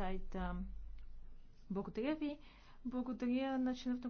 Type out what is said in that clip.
сайта. Благодаря ви. Благодаря на членовете